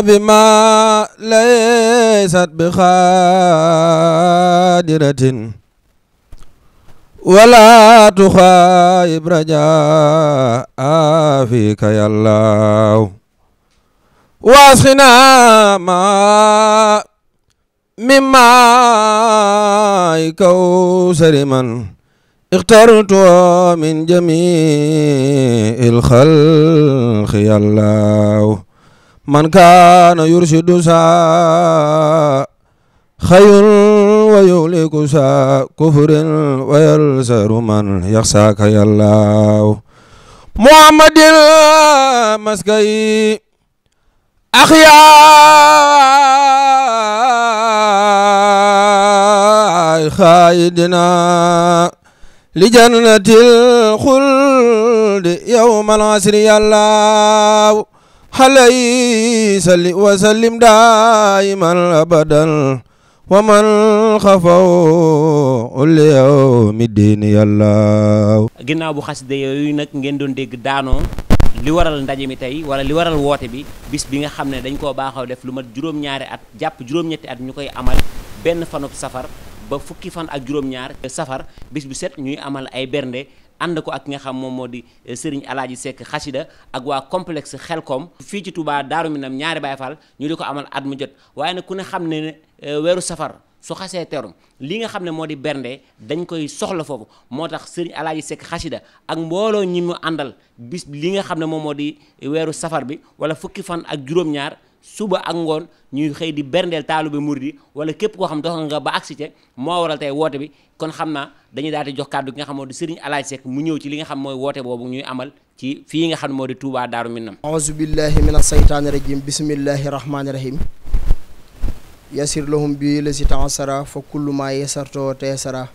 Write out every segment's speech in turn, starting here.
بما ليست بخادرة ولا تخايب رجاء فيك يا الله واسقنا ما مما كوثر من اخترت من جميع الخلق يا الله man kaana yursidu saa xayun wa yuliku saa kufrin wa yalsaru man yaxsaaka yallaaw muhammadil maskayi axyaay xaayidina li jannatil xuldi yowmal asri yallaaw عليه وسلم دائما أبدا ومن خفوا اليوم الدين يلا ginnaaw bu xas xasida yooyu nag ngeen doon dégg daanoo li waral ndaje mi tey wala li waral woote bi bis bi nga xam ne dañ koo baaxoo def lu mat juróom-ñaari at jàpp juróom-ñetti at ñu koy amal benn fanub safar ba fukki fan ak juróom-ñaar safar bis bu set ñuy amal ay bernde ànd ko ak ki nga xam moom moo di eh, Serigne Alaaji Seck xasida ak waa complexe xelkom fii ci Touba Daaru Minam ñaari Baay Faal ñu di ko amal at mu jot waaye nag ku ne xam ne eh, weeru safar su xasee teru li nga xam ne moo di bernde dañ koy soxla foofu moo tax sëriñ alaaji sekk xasida ak mbooloo ñi mu àndal bis li nga xam ne moom moo di eh, weeru safar bi wala fukki fan ak juróom-ñaar suba ak ngoon ñuy xëy di berndeel taalibe murid wala képp koo xam dox nga ba agsi ca moo waral tey woote bi kon xam naa dañuy daal di jox kàddu ki nga xam moo di Serigne Alaaji Seck mu ñëw ci li nga xam mooy woote boobu ñuy amal ci fii nga xam moo di Touba Daaru Minam aouzu billahi min asaytaani rajim bismillahi rahmaani rahim yasir lahum bi la si tansara fa kullu maa yasartoo teesara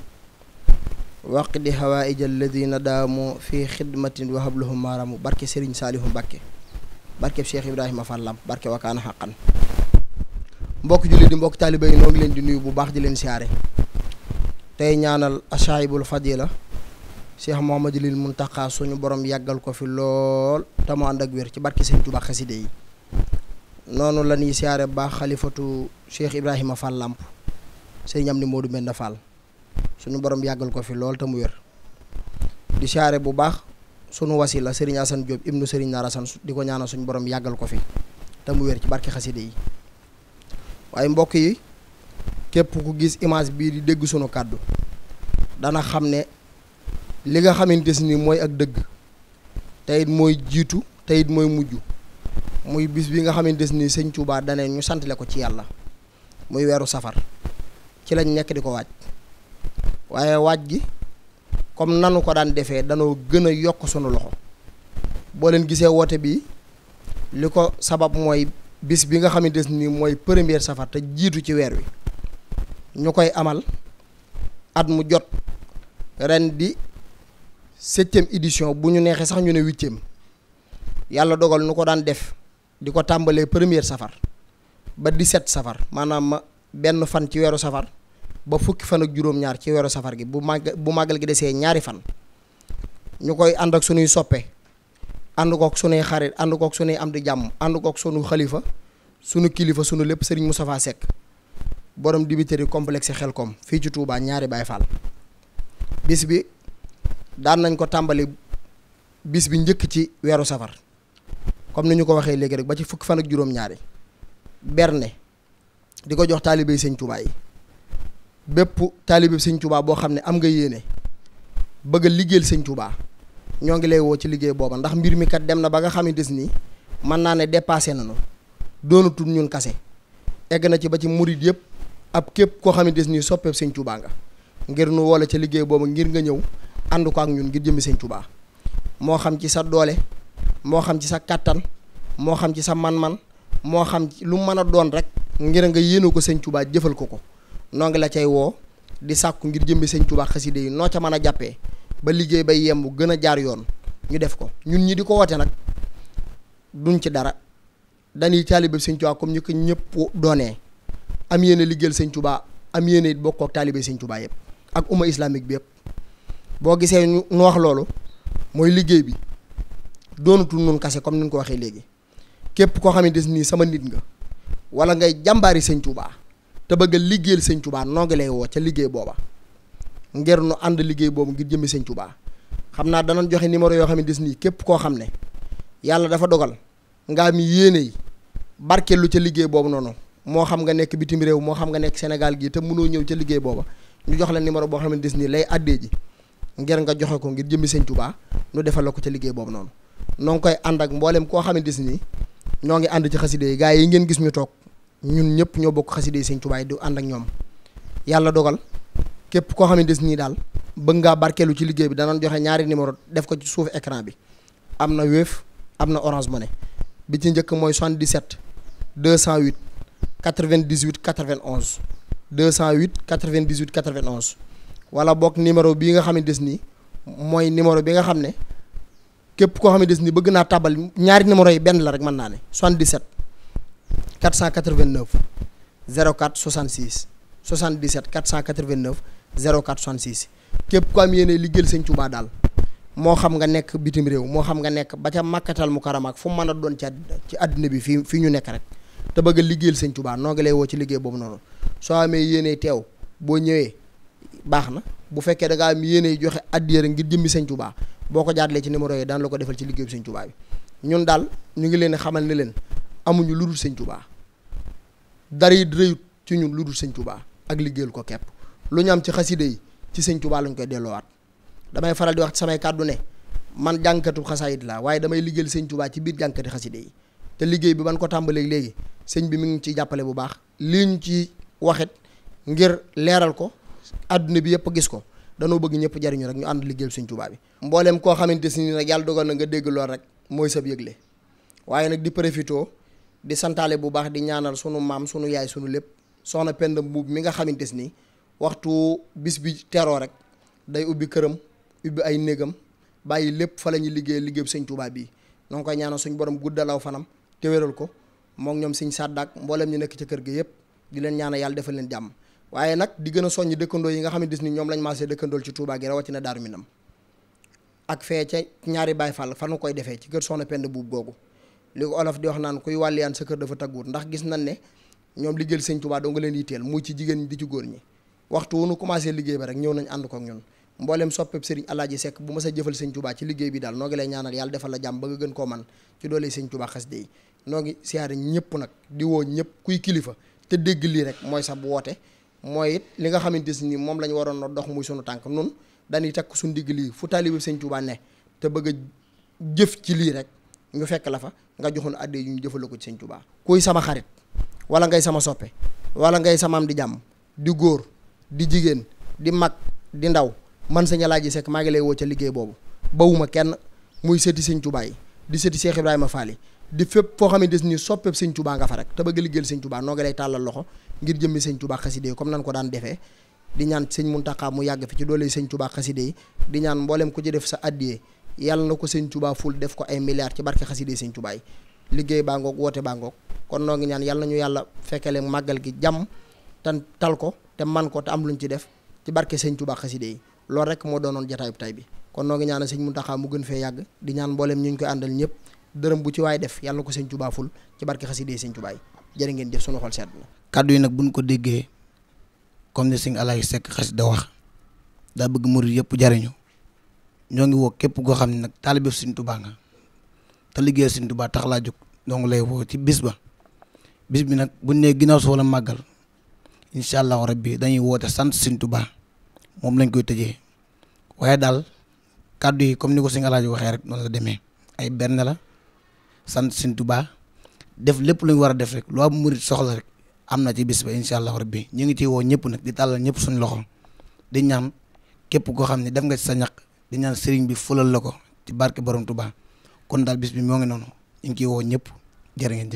waqdi hawaïj alladina daamu fi xidmatin wahablahum maaramu barke Serigne Saliou Mbacké barkeb Cheikh Ibrahima Fall Lamp barke wakaana xaqan mbokk jullit di mbokk taaliba yi noo ngi leen di nuyu bu baax di leen siyaare tey ñaanal achaayibul fadila Cheikh Mouhamadulil Muntaqa suñu borom yàggal ko fi lool te mu ànd ak wér ci barke Sëñ Tuubaa xaside yi noonu la ñuy siyaare baax xalifatu Cheikh Ibrahima Fall Lamp sëñ am ni Modou Mbenda Fall suñu borom yàggal ko fi lool te mu wér di siyaare bu baax sunu wasila Serigne Assane Diop ibnu Serigne Naar Assane di ko ñaana suñ borom yàggal ko fi te mu wér ci barke xaside yi waaye mbokk yi képp ku gis image bii di dégg sunu kàddu dana xam ne li nga xamante ni mooy ak dëgg te mooy jiitu te mooy mujj muy bis bi nga xamante ni sëñ Touba dane ñu santale ko ci yàlla muy weeru safar ci lañ nekk di ko waaj waaye waaj gi. comme nanu ko daan defee danoo gën a yokk sunu loxo boo leen gisee woote bi li ko sabab mooy bis bi nga xamante ni mooy première safar te jiitu ci weer wi ñu koy amal at mu jot ren di septième édition bu ñu neexee sax ñu ne huitième yàlla dogal nu ko daan def di ko tàmbalee première safar ba di set safar maanaam benn fan ci weeru safar ba fukki fan ak juróom-ñaar ci weeru safar gi bu màgg bu màggal gi desee ñaari fan ñu koy ànd ak sunuy soppe ànd kook sunuy xarit ànd kook sunuy am di jàmm ànd kook sunu xalifa sunu kilifa sunu lépp sëriñ Moustapha Seck borom dibiteri xel koom fii ci Touba ñaari baay Fall bis bi daan nañ ko tàmbali bis bi njëkk ci weeru safar comme ni ñu ko waxee léegi rek ba ci fukki fan ak juróom-ñaari berne di ko jox taalibey sëñ Touba bépp taalibe sëñ Tuubaa boo xam ne am nga yéene bëgg a liggéeyal sëñ Tuubaa ñoo ngi lay woo ci liggéey booba ndax mbir mi kat dem na ba nga xam nii mën naa ne dépassé nañu doonatul ñun kase egg na ci ba ci murit yëpp ab képp koo xam ne des nii soppeeb sëñ Tuubaa nga ngir nu woola ca liggéey booba ngir nga ñëw ànd ko ak ñun ngir jëmmi sëñ Tuubaa moo xam ci sa doole moo xam ci sa kàttan moo xam ci sa man-man moo xam lu mën a doon rek ngir nga yéene ko sëñ Tuubaa jëfal ko ko noo la cay woo di sàkku ngir jëmbi sëñ Tuubaa xaside yi noo ca mën a jàppee ba liggéey bay yemb gën a jaar yoon ñu def ko ñun ñi di ko woote nag duñ ci dara dañuy taalibe sëñ Tuubaa comme ñu ko ñëpp doonee am yéene liggéeyal sañ Tuubaa am yéene it bokk ak taalibe sëñ Tuubaa yëpp ak umma islamique bi yëpp boo gisee ñu nu wax loolu mooy liggéey bi doonatul nun kase comme ni nga ko waxee léegi képp koo xam des nii sama nit nga wala ngay jàmbaari sëñ Tuubaa te bëgg a liggéeyal sëñ Tuubaa noo ngi lay woo ca liggéey booba ngir nu ànd liggéey boobu ngir jëmmi sëñ Tuubaa xam naa danañ joxe numéro yoo xam ne des nii képp koo xam ne yàlla dafa dogal nga am yéene yi lu ca liggéey boobu noonu moo xam nga nekk bitim réew moo xam nga nekk Sénégal gii te mënoo ñëw ca liggéey booba ñu jox la numéro boo xam ne des nii lay àddee ji ngir nga joxe ko ngir jëmmi sëñ Tuubaa nu defal la ko ca liggéey boobu noonu noo koy ànd ak mboolem koo xam ne des nii ñoo ngi ànd ci xaside yi yi ngeen gis ñu toog ñun ñëpp ñoo bokk xaside sëñ Tuubaa di ànd ak ñoom yàlla dogal képp koo xam ne des nii daal bëgg ngaa barkeelu ci liggéey bi danañ joxe ñaari numéro def ko ci suuf ecran bi am na Wave am na Orange Money bi ci njëkk mooy 77 208 98 91 208 98 91 wala boog numéro bi nga xam ne des nii mooy numéro bi nga xam ne képp koo xam ne des nii bëgg naa tàbbal ñaari numéro yi benn la rek mën naa ne 77 489 04 66 77 489 04 66 képp ku am yéene liggéeyal sëñ Tuubaa daal moo xam nga nekk bitim réew moo xam nga nekk ba ca Makkatal Mukarram ak fu mu mën a doon ci ci àddina bi fii fii ñu nekk rek te bëgg a liggéeyal sëñ Tuubaa noo lay woo ci liggéey boobu noonu soo amee yéene teew boo ñëwee baax na bu fekkee da ngaa am yéene joxe addiya rek ngir jëmmi sëñ Tuubaa boo ko jaarlee ci numéro yi daan la ko defal ci liggéeyu sëñ Tuubaa bi daal ñu ngi leen xamal ne leen amuñu lu dul sëñ Tuubaa dara it rëyut ci ñu lu dul sëñ Touba ak liggéeyal ko kepp lu ñu am ci xaside yi ci sëñ Touba lañ koy delloowaat damay faral di wax samay kàddu ne man jànkatu xasaayit laa waaye damay liggéeyal sëñ Touba ci biir jànkati xaside yi te liggéey bi ban ko tàmbalee léegi sëñ bi mi ngi ciy jàppale bu baax lii ci waxit ngir leeral ko àdduna bi yëpp gis ko danoo bëgg ñëpp jariñu rek ñu ànd liggéeyal sëñ Touba bi mbooleem koo xamante si ni nag yàlla dogal na nga dégg lool rek mooy sab yëgle waaye nag di profito di santaale bu baax di ñaanal sunu maam sunu yaay sunu lépp soxna Penda Mbuub mi nga xamante ni waxtu bis bi teroo rek day ubbi këram ubbi ay néegam bàyyi lépp fa la ñuy liggéey liggéey sëñ Tuubaa bii ñoo ngi koy ñaanal suñ borom guddalaw fanam te wéral ko moom ñoom sëñ sàddaak mboolem ñu nekk ci kër gi yëpp di leen ñaanal yàlla defal leen jàmm waaye nag di gën a soññ dëkkandoo yi nga xamante ni ñoom lañ maasee dëkkandool ci Tuubaa gi rawatina Daaru Minam ak fee ca ñaari Baay Fall fa nu koy defee ci kër soxna Penda Mbuub googu li ko olof di wax naan kuy wàlliyaan sa kër dafa tagguut ndax gis nañ ne ñoom liggéeyal sëñ Tuubaa doo nga leen yitteel muy ci jigéen ñi di ci góor ñi waxtu wu nu commencé liggéey ba rek ñëw nañ ànd ko ak ñun mboolem soppeeb sëriñ ji Sekk bu ma sa jëfal sëñ Tuubaa ci liggéey bi daal noo ngi lay ñaanal yàlla defal la jàmm ba nga gën koo man ci doole sëñ Tuubaa xasida yi noo ngi siyaare ñëpp nag di woo ñëpp kuy kilifa te dégg lii rek mooy sa woote mooy li nga xamante ni moom lañ waroon na dox muy sunu tànk nun dañuy takk suñu digg lii fu taalibe sëñ Tuubaa te bëgg jëf ci lii rek ñu fekk la fa nga joxoon adde yu ñu jëfale ko ci sëñ Tuubaa kuy sama xarit wala ngay sama soppe wala ngay samaam di jàmm di góor di jigéen di mag di ndaw man sëñ Alaaji Sekk maa ngi lay woo ca liggéey boobu bawuma kenn muy seeti sëñ Tuubaa yi di seeti Cheikh Ibrahima Fall di fépp foo xam ne des ni soppeeb sëñ Tuubaa nga fa rek te bëgg liggéeyal sëñ tubaa noo ngi lay tàllal loxo ngir jëmmi sëñ Tuubaa xaside yi comme nan ko daan defee di ñaan sëñ Muntaxa mu yàgg fi ci doole sëñ Tuubaa xaside yi di ñaan mboolem ku ci def sa addiyee yàlla na ko sëñ Tuubaa ful def ko ay milliards ci barke xaside sëñ Tuubaa yi liggéey baa ngoog woote baa kon noo ngi ñaan yàlla nañu yàlla fekkele màggal gi jàmm tan tal ko te man ko te am luñ ci def ci barke sëñ Tuubaa xaside yi loolu rek moo doonoon jataayu tay bi kon noo ngi ñaanal sëñ Muntaxa mu gën fee yàgg di ñaan mboolem ñu ñu koy àndal ñëpp dërëm bu ci def yàlla ko sëñ Tuubaa ci barke xaside yi sëñ Tuubaa yi jërë ngeen jëf sunu xol sedd na kàddu yi nag bu ñu ko déggee comme ni sëñ Alaay Sekk xas da wax daa bëgg murid yëpp jariñu ñoo ngi woo képp koo xam ne nag taalibe Sëriñ Tuubaa nga te liggéey Sëriñ Tuubaa tax laa jóg donc lay woo ci bis ba bis bi nag buñ nee ginnaaw su wala màggal incha allahu rabbi dañuy woote sant Sëriñ Tuubaa moom lañ koy tëjee waaye daal kàddu yi comme ni ko sëñ Alaaji waxee rek noonu la demee ay benn la sant Sëriñ Tuubaa def lépp lu ñu war a def rek lu am murit soxla rek am na ci bis ba incha allahu rabbi ñu ngi ciy woo ñëpp nag di tàllal ñëpp suñ loxo di ñaan képp koo xam ne def nga ci sa ñaq di ñaan sëriñ bi fulal la ko ci barke borom Touba kon daal bis bi moo ngi noonu ñu ngi ciy woo ñëpp jërë ngeen